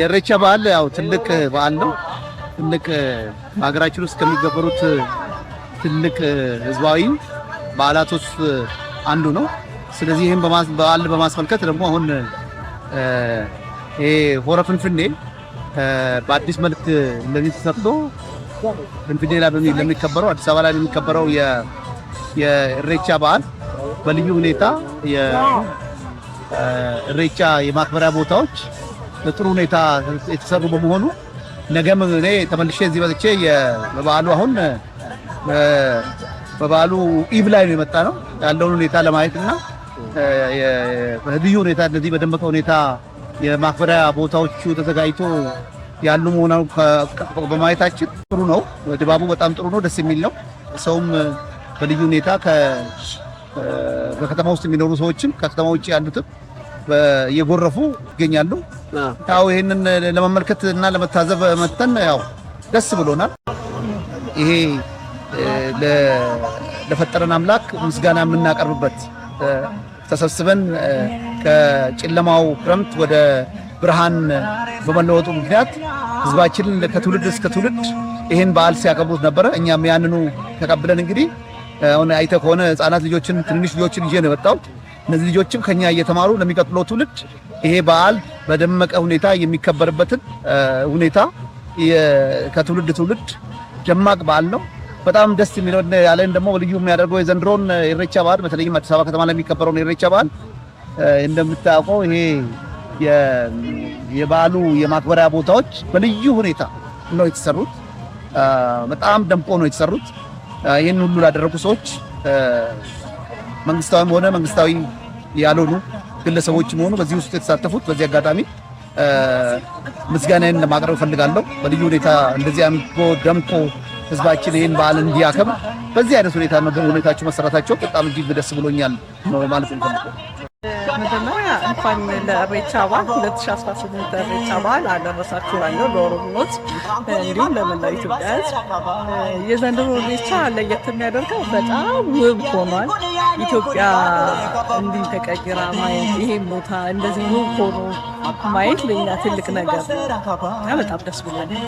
የኢሬቻ በዓል ያው ትልቅ በዓል ነው። ትልቅ በሀገራችን ውስጥ ከሚገበሩት ትልቅ ህዝባዊ ውስጥ አንዱ ነው። ስለዚህ ይህን በዓል በማስመልከት ደግሞ አሁን ይሄ ሆረ ፍንፍኔ በአዲስ መልክ ለዚህ ተሰጥቶ ፍንፍኔ ላይ ለሚከበረው አዲስ አበባ ላይ ለሚከበረው የኢሬቻ በዓል በልዩ ሁኔታ የኢሬቻ የማክበሪያ ቦታዎች በጥሩ ሁኔታ የተሰሩ በመሆኑ ነገም እኔ ተመልሼ እዚህ መጥቼ በበዓሉ አሁን በበዓሉ ኢቭ ላይ ነው የመጣ ነው ያለውን ሁኔታ ለማየት እና በልዩ ሁኔታ እነዚህ በደመቀ ሁኔታ የማክበሪያ ቦታዎቹ ተዘጋጅቶ ያሉ መሆናው በማየታችን ጥሩ ነው። ድባቡ በጣም ጥሩ ነው፣ ደስ የሚል ነው። ሰውም በልዩ ሁኔታ በከተማ ውስጥ የሚኖሩ ሰዎችም ከከተማ ውጭ ያሉትም እየጎረፉ ይገኛሉ። ያው ይህንን ለመመልከት እና ለመታዘብ መተን ያው ደስ ብሎናል። ይሄ ለፈጠረን አምላክ ምስጋና የምናቀርብበት ተሰብስበን ከጨለማው ክረምት ወደ ብርሃን በመለወጡ ምክንያት ህዝባችን ከትውልድ እስከ ትውልድ ይህን በዓል ሲያከብሩት ነበረ። እኛም ያንኑ ተቀብለን እንግዲህ አሁን አይተህ ከሆነ ህፃናት ልጆችን ትንሽ ልጆችን ይዤ ነው የመጣሁት። እነዚህ ልጆችም ከኛ እየተማሩ ለሚቀጥለው ትውልድ ይሄ በዓል በደመቀ ሁኔታ የሚከበርበትን ሁኔታ ከትውልድ ትውልድ ደማቅ በዓል ነው። በጣም ደስ የሚለው ያለን ደግሞ ልዩ የሚያደርገው የዘንድሮን የኢሬቻ በዓል በተለይም አዲስ አበባ ከተማ ላይ የኢሬቻ በዓል እንደምታውቀው ይሄ የበዓሉ የማክበሪያ ቦታዎች በልዩ ሁኔታ ነው የተሰሩት። በጣም ደምቆ ነው የተሰሩት። ይህን ሁሉ ላደረጉ ሰዎች መንግስታዊም ሆነ መንግስታዊ ያልሆኑ ግለሰቦችም ሆኑ በዚህ ውስጥ የተሳተፉት በዚህ አጋጣሚ ምስጋናዬን ለማቅረብ እፈልጋለሁ። በልዩ ሁኔታ እንደዚህ አምቆ ደምቆ ህዝባችን ይህን በዓል እንዲያከብር በዚህ አይነት ሁኔታ ነው መሰራታቸው በጣም እጅግ ደስ ብሎኛል ነው ማለት ነው። መጀመሪያ እንኳን ለሬቻ በዓል 2018 ኢሬቻ በዓል አደረሳችሁ እላለሁ ለኦሮሞዎች እንዲሁም ለመላው ኢትዮጵያ ሕዝብ። የዘንድሮ ኢሬቻ ለየት የሚያደርገው በጣም ውብ ሆኗል። ኢትዮጵያ እንዲህ ተቀይራ ማየት ይሄን ቦታ እንደዚህ ውብ ሆኖ ማየት ለኛ ትልቅ ነገር በጣም ደስ ብሎኛል።